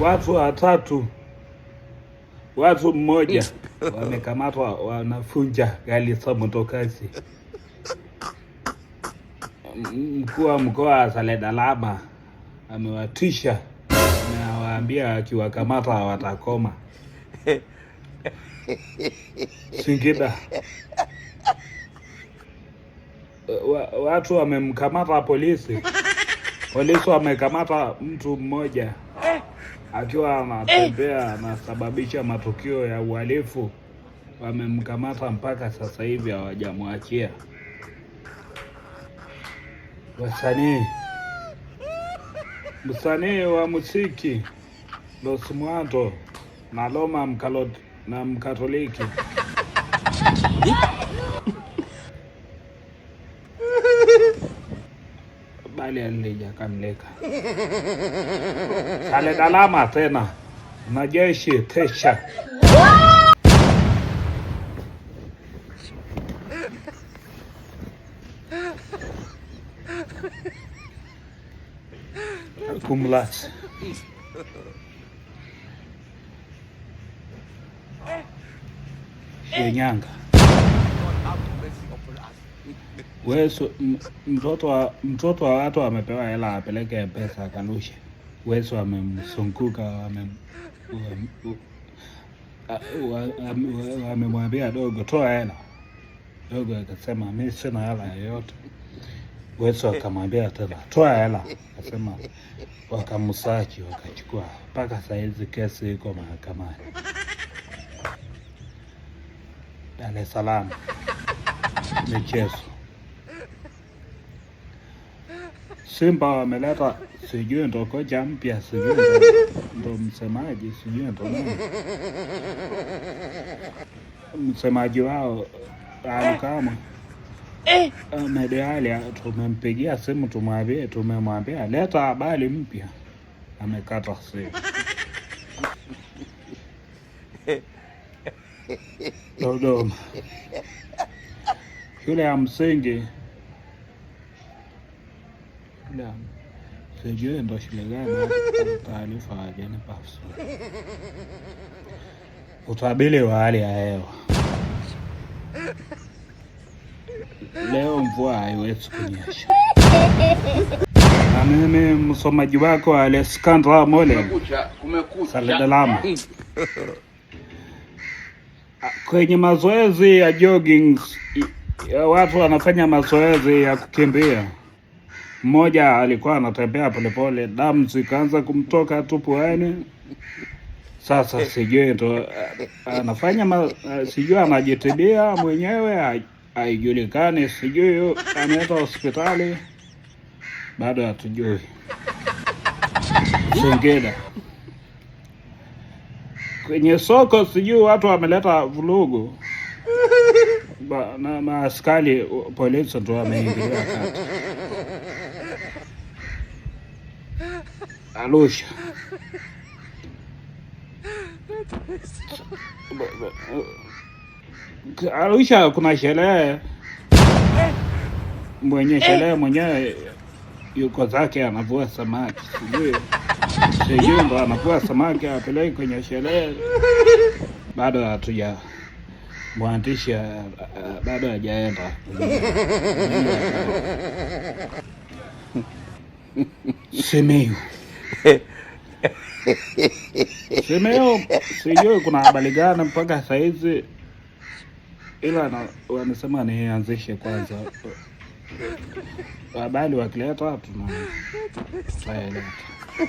watu watatu, watu mmoja wamekamatwa, wanafunja gari za motokasi. Mkuu wa mkoa wa Saledalama amewatisha na akiwakamata watakoma Singida. Watu wamemkamata polisi, polisi wamekamata mtu mmoja akiwa anatembea anasababisha matukio ya uhalifu. Wamemkamata mpaka sasa hivi hawajamwachia. Wasanii, msanii wa muziki Los Muertos na Roma na Mkatoliki alija kamleka Sale dalama tena na jeshi tesha kumlat Shinyanga wewe mtoto mtoto wa watu amepewa hela apeleke pesa akanushe, wewe wamemsunguka, wamemwambia dogo, toa hela. Dogo akasema mi sina hela yoyote. Wewe akamwambia tena, toa hela, akasema. Wakamsaki, wakachukua. Mpaka saizi kesi iko mahakamani Dar es Salaam michezo. Simba wameleta sijui ndo kocha mpya, sijui ndo msemaji, sijui ndo msemaji wao kama Medealia. Tumempigia simu tumwambie, tumemwambia leta habari mpya, amekata simu. Dodoma shule ya msingi sijui ndo shule gani. Taarifa wageni pasu. Utabiri wa hali ya hewa leo, mvua haiwezi kunyesha. Na mimi msomaji wako Alexandra Mole Saladalama kwenye mazoezi ya jogging watu wanafanya mazoezi ya kukimbia. Mmoja alikuwa anatembea polepole, damu zikaanza kumtoka tu puani. Sasa sijui ndo eh, anafanya ma, eh, sijui anajitibia mwenyewe, haijulikani. Sijui anaenda hospitali, bado hatujui. Singida kwenye soko, sijui watu wameleta vurugu maaskari polisi ndo wameingilia kati Arusha. Arusha kuna sherehe, mwenye eh. sherehe mwenyewe yuko zake anavua samaki, sijui sijui ndo anavua samaki apeleki kwenye sherehe, bado hatuja mwandishi uh, uh, bado hajaenda. Simiyu Simiyu, sijui kuna habari gani mpaka saa hizi, ila wanasema nianzishe kwanza habari, wakileta watu tutaeleta